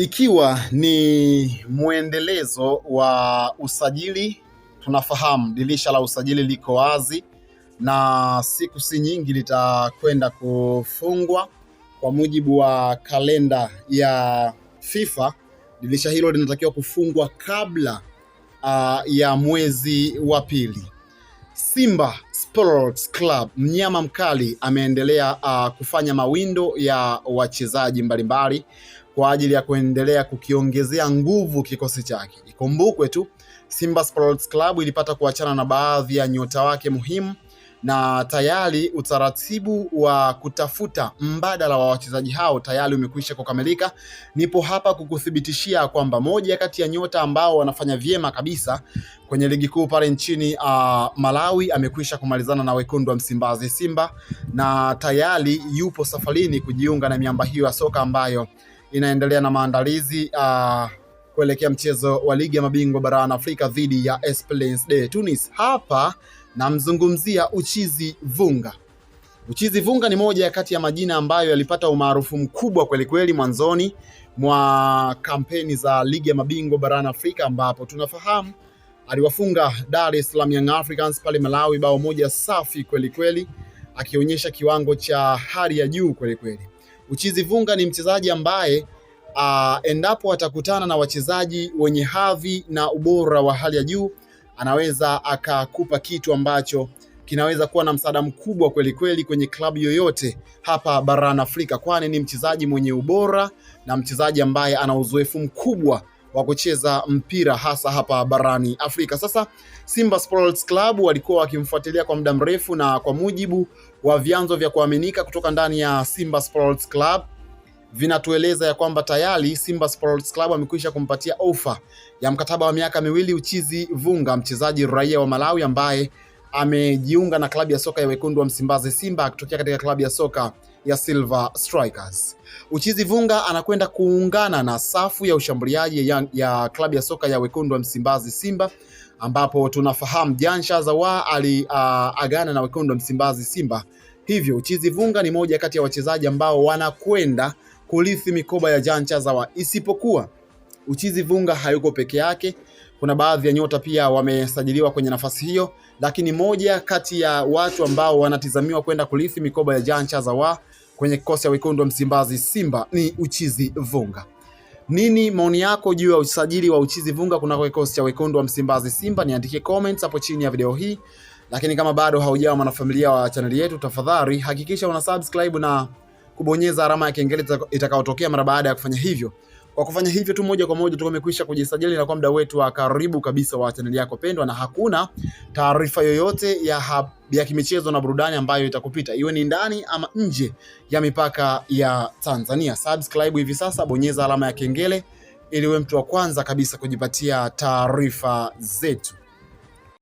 ikiwa ni mwendelezo wa usajili. Tunafahamu dirisha la usajili liko wazi na siku si nyingi litakwenda kufungwa kwa mujibu wa kalenda ya FIFA. Dirisha hilo linatakiwa kufungwa kabla uh, ya mwezi wa pili. Simba Sports Club mnyama mkali ameendelea uh, kufanya mawindo ya wachezaji mbalimbali kwa ajili ya kuendelea kukiongezea nguvu kikosi chake. Ikumbukwe tu Simba Sports Club ilipata kuachana na baadhi ya nyota wake muhimu na tayari utaratibu wa kutafuta mbadala wa wachezaji hao tayari umekwisha kukamilika. Nipo hapa kukuthibitishia kwamba moja kati ya nyota ambao wanafanya vyema kabisa kwenye ligi kuu pale nchini uh, Malawi amekwisha kumalizana na wekundu wa Msimbazi Simba, na tayari yupo safarini kujiunga na miamba hiyo ya soka ambayo inaendelea na maandalizi uh, kuelekea mchezo wa ligi ya mabingwa barani Afrika dhidi ya Esperance de Tunis. Hapa namzungumzia Uchizi Vunga. Uchizi Vunga ni moja ya kati ya majina ambayo yalipata umaarufu mkubwa kweli kweli mwanzoni mwa kampeni za ligi ya mabingwa barani Afrika, ambapo tunafahamu aliwafunga Dar es Salaam Young Africans pale Malawi bao moja safi kweli kweli, akionyesha kiwango cha hali ya juu kweli kweli. Uchizi Vunga ni mchezaji ambaye uh, endapo atakutana na wachezaji wenye hadhi na ubora wa hali ya juu, anaweza akakupa kitu ambacho kinaweza kuwa na msaada mkubwa kweli kweli kwenye klabu yoyote hapa barani Afrika, kwani ni mchezaji mwenye ubora na mchezaji ambaye ana uzoefu mkubwa wa kucheza mpira hasa hapa barani Afrika. Sasa Simba Sports Club walikuwa wakimfuatilia kwa muda mrefu, na kwa mujibu wa vyanzo vya kuaminika kutoka ndani ya Simba Sports Club vinatueleza ya kwamba tayari Simba Sports Club amekwisha kumpatia ofa ya mkataba wa miaka miwili Uchizi Vunga, mchezaji raia wa Malawi ambaye amejiunga na klabu ya soka ya wekundu wa Msimbazi Simba akitokea katika klabu ya soka ya Silver Strikers. Uchizi Vunga anakwenda kuungana na safu ya ushambuliaji ya, ya klabu ya soka ya wekundu wa Msimbazi Simba, ambapo tunafahamu Jansha Zawa aliagana uh, na wekundu wa Msimbazi Simba. Hivyo Uchizi Vunga ni moja kati ya wachezaji ambao wanakwenda kurithi mikoba ya Jansha Zawa isipokuwa Uchizi Vunga hayuko peke yake, kuna baadhi ya nyota pia wamesajiliwa kwenye nafasi hiyo, lakini moja kati ya watu ambao wanatizamiwa kwenda kurithi mikoba ya Jean Chazawa kwenye kikosi cha wekundu wa Msimbazi Simba ni Uchizi Vunga. Nini maoni yako juu ya usajili wa Uchizi Vunga kunako kikosi cha wekundu wa Msimbazi Simba? Niandikie comments hapo chini ya video hii, lakini kama bado haujawa mwanafamilia wa chaneli yetu, tafadhali hakikisha una subscribe na kubonyeza alama ya kengele itakayotokea mara baada ya kufanya hivyo kwa kufanya hivyo tu moja kwa moja tu tumekwisha kujisajili na kuwa muda wetu wa karibu kabisa wa chaneli yako pendwa, na hakuna taarifa yoyote ya hab, ya kimichezo na burudani ambayo itakupita iwe ni ndani ama nje ya mipaka ya Tanzania. Subscribe hivi sasa, bonyeza alama ya kengele ili uwe mtu wa kwanza kabisa kujipatia taarifa zetu.